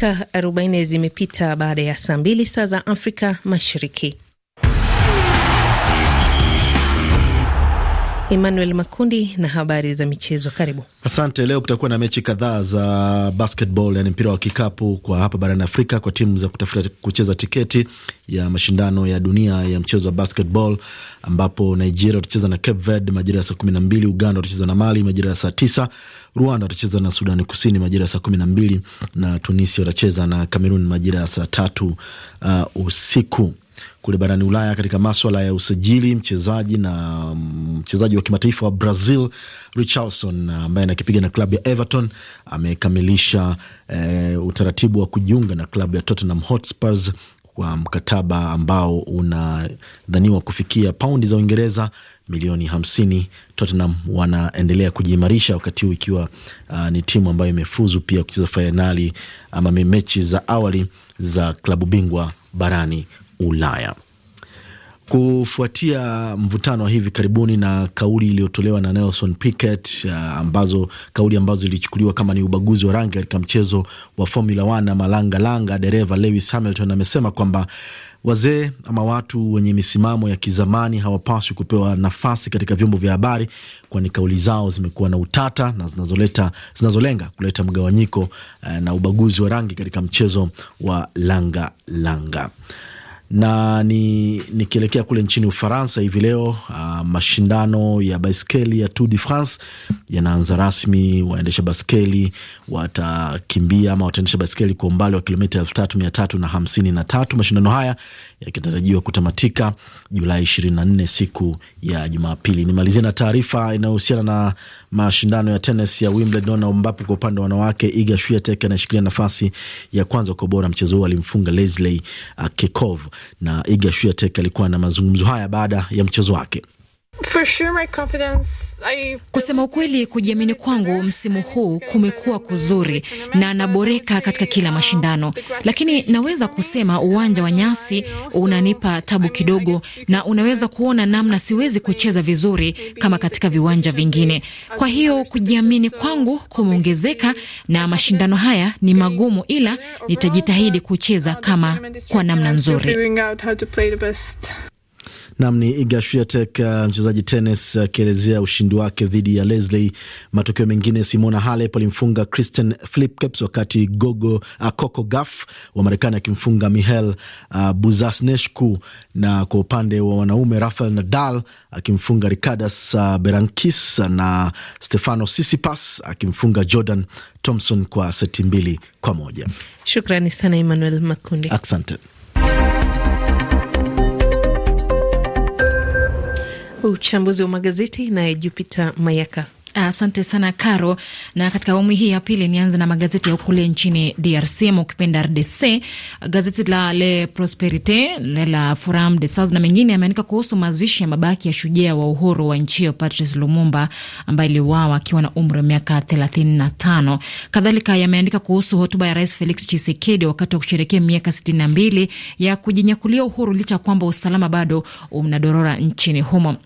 Dakika 40 zimepita baada ya saa mbili saa za Afrika Mashariki. Emmanuel Makundi na habari za michezo. Karibu. Asante. Leo kutakuwa na mechi kadhaa za basketball, yani mpira wa kikapu kwa hapa barani Afrika, kwa timu za kutafuta kucheza tiketi ya mashindano ya dunia ya mchezo wa basketball, ambapo Nigeria watacheza na Cape Verde majira ya saa kumi na mbili, Uganda watacheza na Mali majira ya saa tisa Rwanda watacheza na Sudani Kusini majira ya saa kumi na mbili na Tunisia watacheza na Kamerun majira ya saa tatu uh, usiku. Kule barani Ulaya, katika maswala ya usajili, mchezaji na mm, mchezaji wa kimataifa wa Brazil Richarlison uh, ambaye anakipiga na klabu ya Everton amekamilisha eh, utaratibu wa kujiunga na klabu ya Tottenham Hotspurs kwa mkataba ambao unadhaniwa kufikia paundi za Uingereza milioni hamsini. Tottenham wanaendelea kujiimarisha wakati huu ikiwa uh, ni timu ambayo imefuzu pia kucheza fainali ama mechi za awali za klabu bingwa barani Ulaya kufuatia mvutano wa hivi karibuni na kauli iliyotolewa na Nelson Piquet, uh, ambazo kauli ambazo ilichukuliwa kama ni ubaguzi wa rangi katika mchezo wa Formula 1 na langa, dereva Lewis Hamilton amesema kwamba wazee ama watu wenye misimamo ya kizamani hawapaswi kupewa nafasi katika vyombo vya habari, kwani kauli zao zimekuwa na utata na zinazoleta zinazolenga kuleta mgawanyiko uh, na ubaguzi wa rangi katika mchezo wa langa langa na nikielekea ni kule nchini Ufaransa hivi leo uh, mashindano ya baiskeli ya Tour de France yanaanza rasmi. Waendesha baskeli watakimbia ama wataendesha baskeli kwa umbali wa kilomita elfu tatu mia tatu na hamsini na tatu, mashindano haya yakitarajiwa kutamatika Julai ishirini na nne siku ya Jumapili. Nimalizia na taarifa inayohusiana na mashindano ya tenis ya Wimbledon ambapo kwa upande wa wanawake Iga Swiatek anashikilia nafasi ya kwanza kwa ubora. Mchezo huo alimfunga Lesley uh, Kekov na Iga Swiatek alikuwa na mazungumzo haya baada ya mchezo wake. For sure my confidence, I... Kusema ukweli, kujiamini kwangu msimu huu kumekuwa kuzuri na naboreka katika kila mashindano, lakini naweza kusema uwanja wa nyasi unanipa tabu kidogo, na unaweza kuona namna siwezi kucheza vizuri kama katika viwanja vingine. Kwa hiyo kujiamini kwangu kumeongezeka, na mashindano haya ni magumu, ila nitajitahidi kucheza kama kwa namna nzuri. Nam ni Iga Swiatek, uh, mchezaji tenis, uh, akielezea ushindi wake dhidi ya Lesley. Matokeo mengine, Simona Halep alimfunga Kristen Flipkens, wakati gogo uh, Coco Gauff wa Marekani akimfunga mihel uh, Buzasneshku, na kwa upande wa wanaume, Rafael Nadal akimfunga Ricardas uh, Berankis na Stefano Sisipas akimfunga Jordan Thompson kwa seti mbili kwa moja. Shukrani sana Emmanuel Makundi, asante. Uchambuzi wa magazeti naye Jupita Mayaka. Asante sana Caro, na katika awamu hii ya pili nianze na magazeti ya kule nchini DRC ama ukipenda RDC. Gazeti la Le Prosperite le la Forum des As na mengine yameandika kuhusu mazishi ya mabaki ya shujaa wa uhuru wa nchi hiyo Patrice Lumumba ambaye aliuawa akiwa na umri wa miaka 35. Kadhalika yameandika kuhusu hotuba ya Rais Felix Tshisekedi wakati wa kusherehekea miaka 62 ya kujinyakulia uhuru licha ya kwamba usalama bado unadorora nchini humo.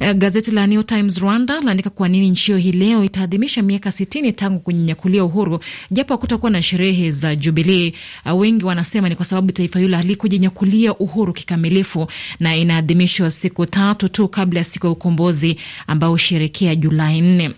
Eh, gazeti la New Times Rwanda laandika kwa nini nchi hiyo hii leo itaadhimisha miaka sitini tangu kunyanyakulia uhuru, japo hakutakuwa na sherehe za jubilii. Ah, wengi wanasema ni kwa sababu taifa hilo halikujinyakulia uhuru kikamilifu, na inaadhimishwa siku tatu tu kabla ya siku ya ukombozi ambao husherekea Julai nne.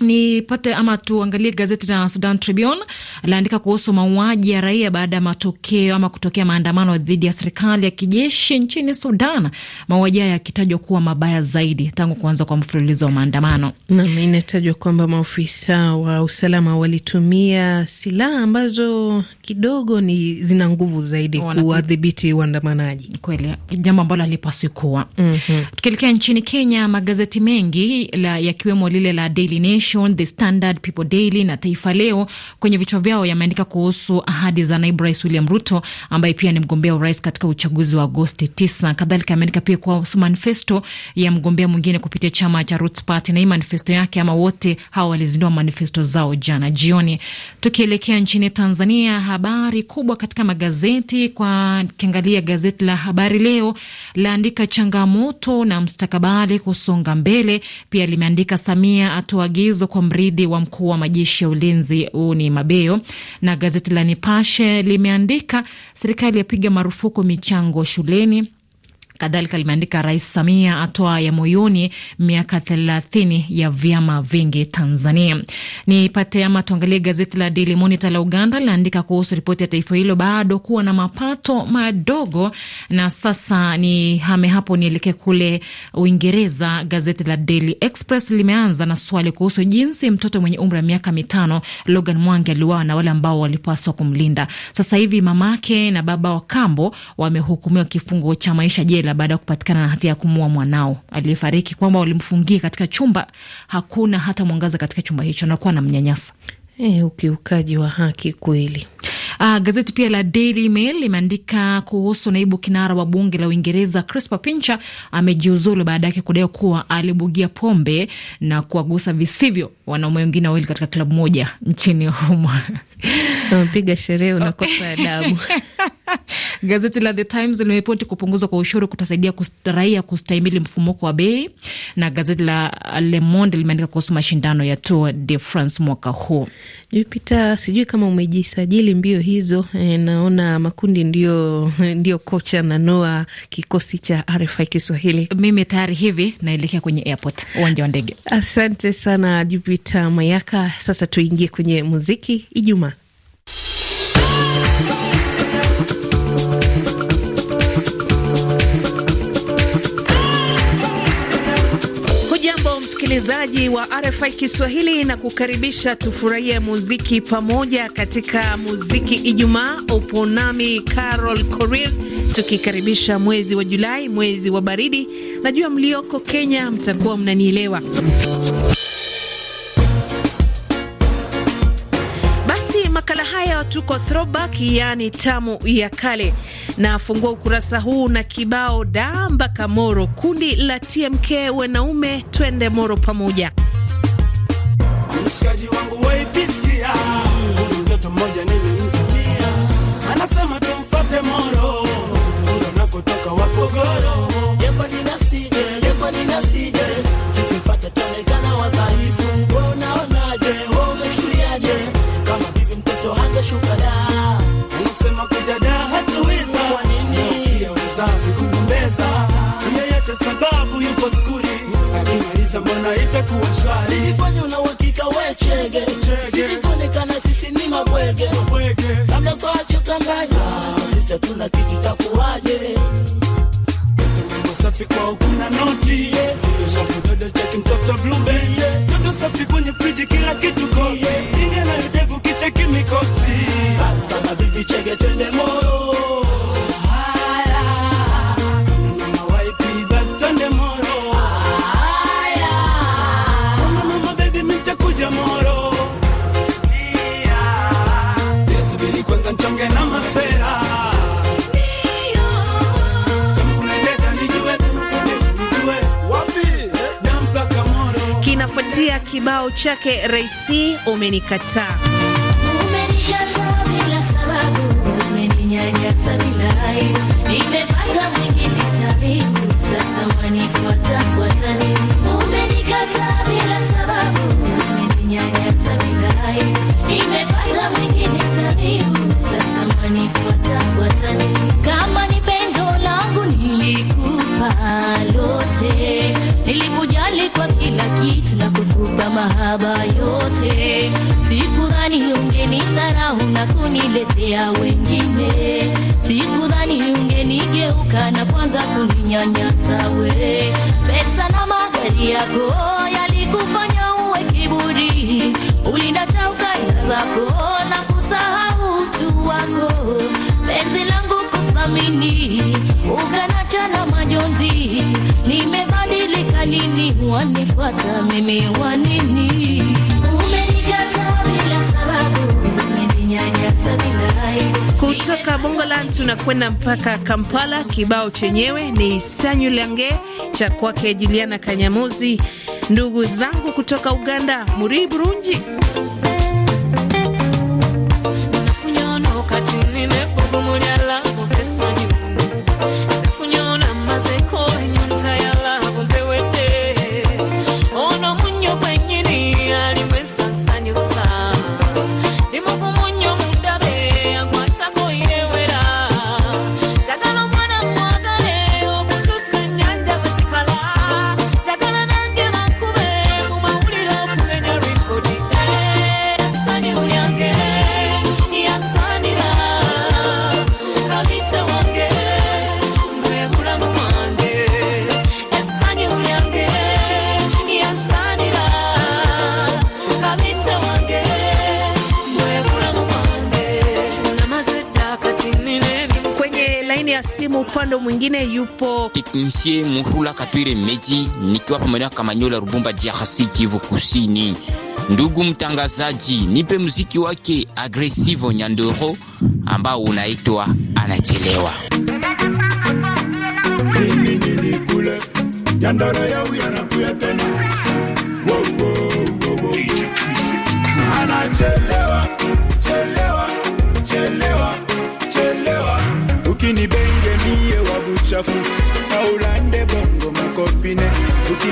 Nipate ama tuangalie gazeti la Sudan Tribune laandika kuhusu mauaji ya raia baada ya matokeo ama kutokea maandamano dhidi ya serikali ya kijeshi nchini Sudan, mauaji haya yakitajwa kuwa mabaya zaidi tangu kuanza kwa mfululizo wa maandamano. Nam, inatajwa kwamba maofisa wa usalama walitumia silaha ambazo kidogo ni zina nguvu zaidi kuwadhibiti waandamanaji, kweli jambo ambalo halipaswi kuwa. mm -hmm. Tukielekea nchini Kenya, magazeti mengi yakiwemo lile la Daily Nation Nation, The Standard, People Daily na Taifa Leo kwenye vichwa vyao yameandika kuhusu ahadi za naibu rais William Ruto ambaye pia ni mgombea urais katika uchaguzi wa Agosti 9. Kadhalika ameandika pia kuhusu manifesto ya mgombea mwingine kupitia chama cha Roots Party na hii manifesto yake, ama wote hawa walizindua manifesto zao jana jioni. Tukielekea nchini Tanzania, habari kubwa katika magazeti kwa kiangalia gazeti la Habari Leo laandika changamoto na mstakabali kusonga mbele. Pia limeandika Samia atoa agizo hizo kwa mridhi wa mkuu wa majeshi ya ulinzi Uni Mabeo. Na gazeti la Nipashe limeandika serikali yapiga marufuku michango shuleni Kadhalika limeandika Rais Samia atoa ya moyoni miaka thelathini ya vyama vingi Tanzania. Nipate ama tuangalie gazeti la Daily Monitor la Uganda linaandika kuhusu ripoti ya taifa hilo bado kuwa na mapato madogo, na sasa ni hame hapo nielekee kule Uingereza. Gazeti la Daily Express limeanza na swali kuhusu jinsi mtoto mwenye umri wa miaka mitano Logan Mwangi aliuawa na wale ambao walipaswa kumlinda. Sasa hivi mamake na baba wa kambo wamehukumiwa kifungo cha maisha jela jela baada ya kupatikana na hatia ya kumua mwanao aliyefariki, kwamba walimfungia katika chumba, hakuna hata mwangaza katika chumba hicho, anakuwa na mnyanyasa E, eh, ukiukaji wa haki kweli. Ah, gazeti pia la Daily Mail limeandika kuhusu naibu kinara wa bunge la Uingereza Crispa Pincha amejiuzulu baada yake kudai kuwa alibugia pombe na kuwagusa visivyo wanaume wengine wawili katika klabu moja nchini humo. Unapiga sherehe unakosa adabu. Gazeti la The Times limeripoti kupunguzwa kwa ushuru kutasaidia raia kustahimili mfumuko wa bei, na gazeti la Le Monde limeandika kuhusu mashindano ya Tour de France mwaka huu. Jupita, sijui kama umejisajili mbio hizo. E, naona makundi ndio, ndio kocha na noa kikosi cha RFI Kiswahili. Mimi tayari hivi naelekea kwenye airport, uwanja wa ndege. Asante sana Jupita Mayaka. Sasa tuingie kwenye muziki Ijumaa. msikilizaji wa RFI Kiswahili na kukaribisha tufurahie muziki pamoja katika muziki Ijumaa. Upo nami Carol Korir, tukikaribisha mwezi wa Julai, mwezi wa baridi. Najua mlioko Kenya mtakuwa mnanielewa makala haya tuko throwback, yaani tamu ya kale. Nafungua ukurasa huu na kibao da kamoro, Moro, kundi la TMK, wanaume twende Moro pamoja, mshikaji wangu wait kuwa shwari, nilifanya na uhakika we chege chege kibao chake Raisi umenikataa umenikataa mahaba yote, sikudhani ungenidharau na kuniletea wengine, sikudhani ungenigeuka na kwanza kuninyanyasa we. Pesa na magari yako wanifuata mimi Kutoka Bongoland tunakwenda mpaka Kampala. Kibao chenyewe ni Sanyulange cha kwake Juliana Kanyamuzi. Ndugu zangu kutoka Uganda muri Burunji yupo teknisie Muhula kapire Meji, nikiwa pamoja na Kamanyola Rubumba jahasi Kivu Kusini. Ndugu mtangazaji, nipe muziki wake Agresivo Nyandoro ambao unaitwa Anachelewa. Anachelewa.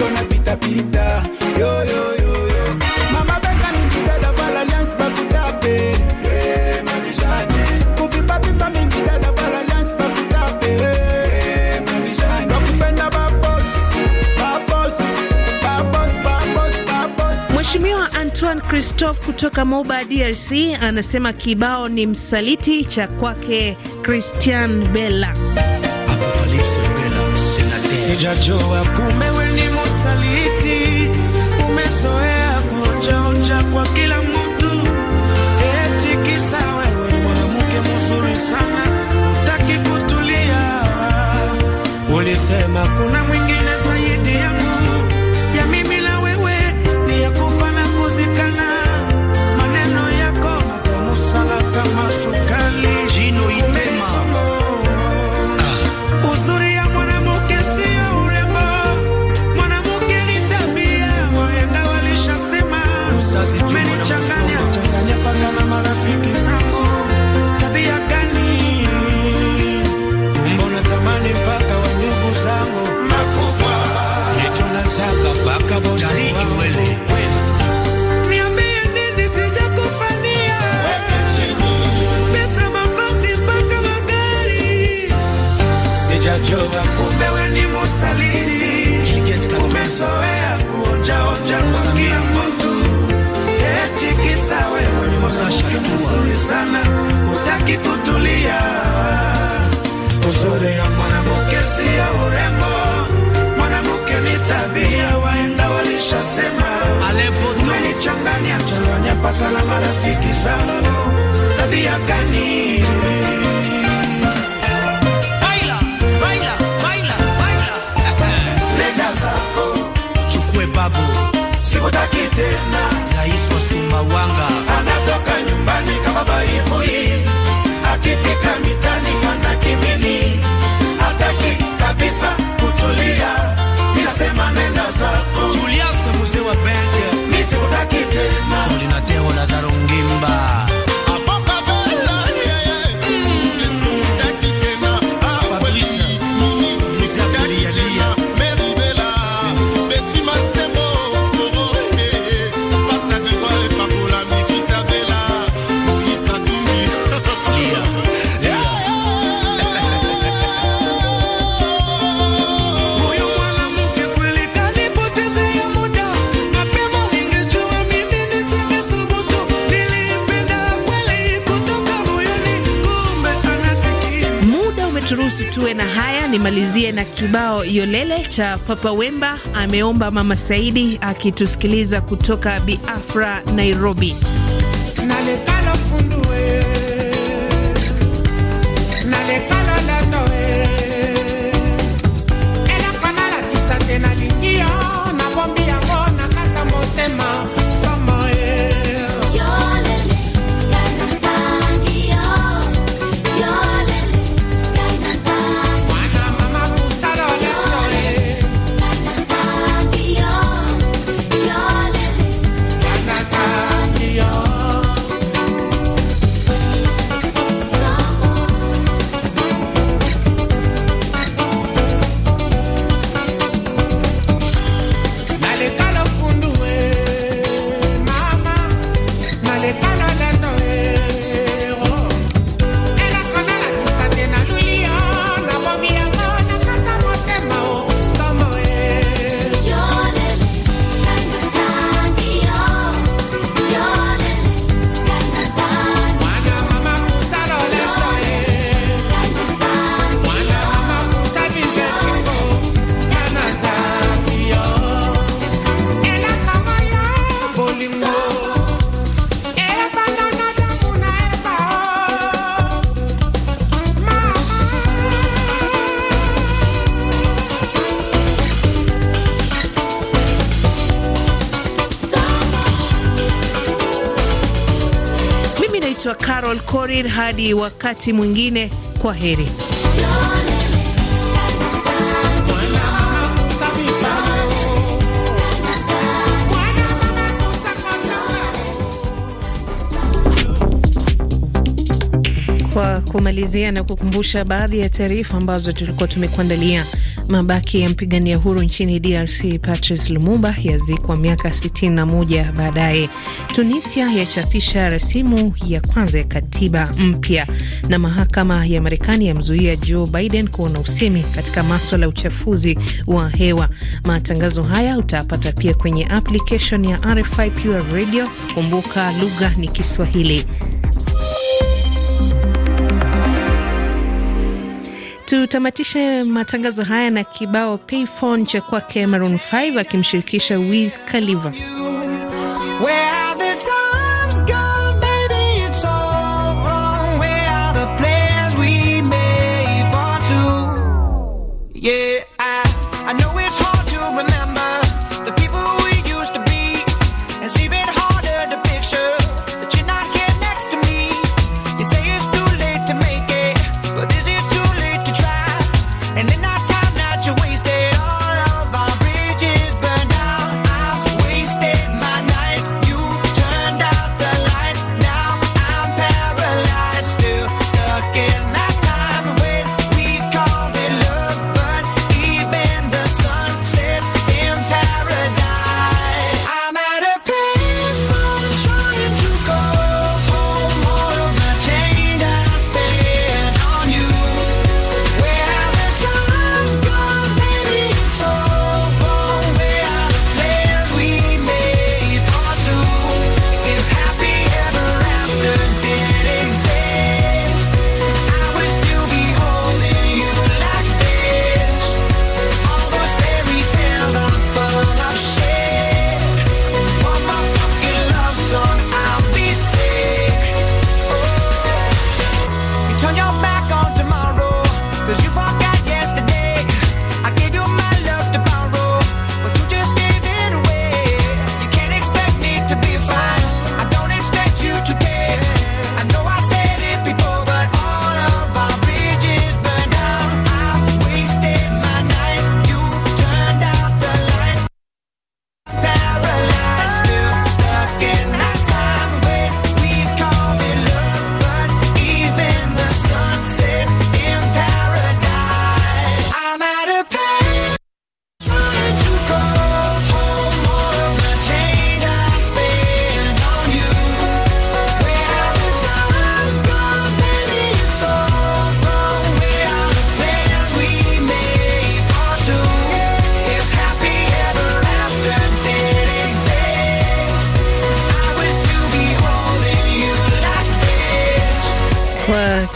niko napita pita yo yo eh, eh, Mheshimiwa Antoine Christophe kutoka Moba DRC anasema kibao ni msaliti cha kwake Christian Bella Apocalypse Bella sijajua kusema kuna tena, Rais wa Sumawanga anatoka nyumbani kama bai tuwe na haya. Nimalizie na kibao Yolele cha Papa Wemba, ameomba Mama Saidi akitusikiliza kutoka Biafra, Nairobi. fundu, eh. Carol Korir. Hadi wakati mwingine, kwa heri. Kwa kumalizia na kukumbusha baadhi ya taarifa ambazo tulikuwa tumekuandalia. Mabaki ya mpigania huru nchini DRC Patrice Lumumba yazikwa miaka 61 baadaye. Tunisia yachapisha rasimu ya kwanza ya katiba mpya, na mahakama ya Marekani yamzuia Joe Biden kuwa na usemi katika maswala ya uchafuzi wa hewa. Matangazo haya utapata pia kwenye application ya RFI Pure Radio. Kumbuka lugha ni Kiswahili. Tutamatishe matangazo haya na kibao payphone cha kwake Maroon 5 akimshirikisha Wiz Khalifa. go.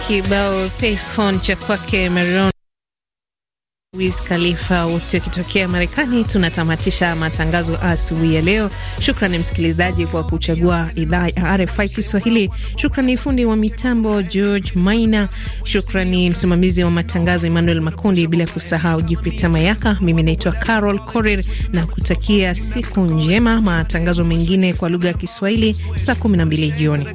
kibao payphone cha kwake Maroon Wiz Khalifa wote kitokea Marekani. Tunatamatisha matangazo asubuhi ya leo. Shukrani msikilizaji kwa kuchagua idhaa ya RFI Kiswahili. Shukrani fundi wa mitambo George Maina, shukrani msimamizi wa matangazo Emmanuel Makundi, bila kusahau Jupita Mayaka. Mimi naitwa Carol Korir na kutakia siku njema. Matangazo mengine kwa lugha ya Kiswahili saa 12 jioni.